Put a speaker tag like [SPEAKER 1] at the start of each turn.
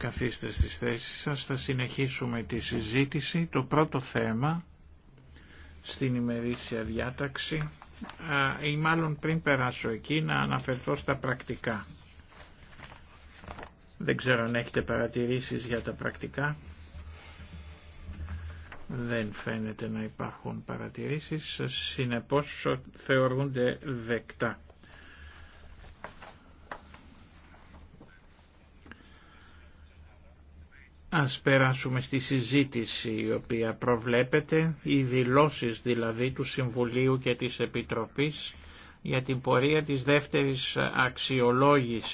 [SPEAKER 1] Καθίστε στις θέσεις σας, θα συνεχίσουμε τη συζήτηση. Το πρώτο θέμα στην ημερήσια διάταξη ή μάλλον πριν περάσω εκεί να αναφερθώ στα πρακτικά. Δεν ξέρω αν έχετε παρατηρήσεις για τα πρακτικά. Δεν φαίνεται να υπάρχουν παρατηρήσεις, συνεπώς θεωρούνται δεκτά. Ας περάσουμε στη συζήτηση η οποία προβλέπεται, οι δηλώσεις δηλαδή του Συμβουλίου και της Επιτροπής για την πορεία της δεύτερης αξιολόγησης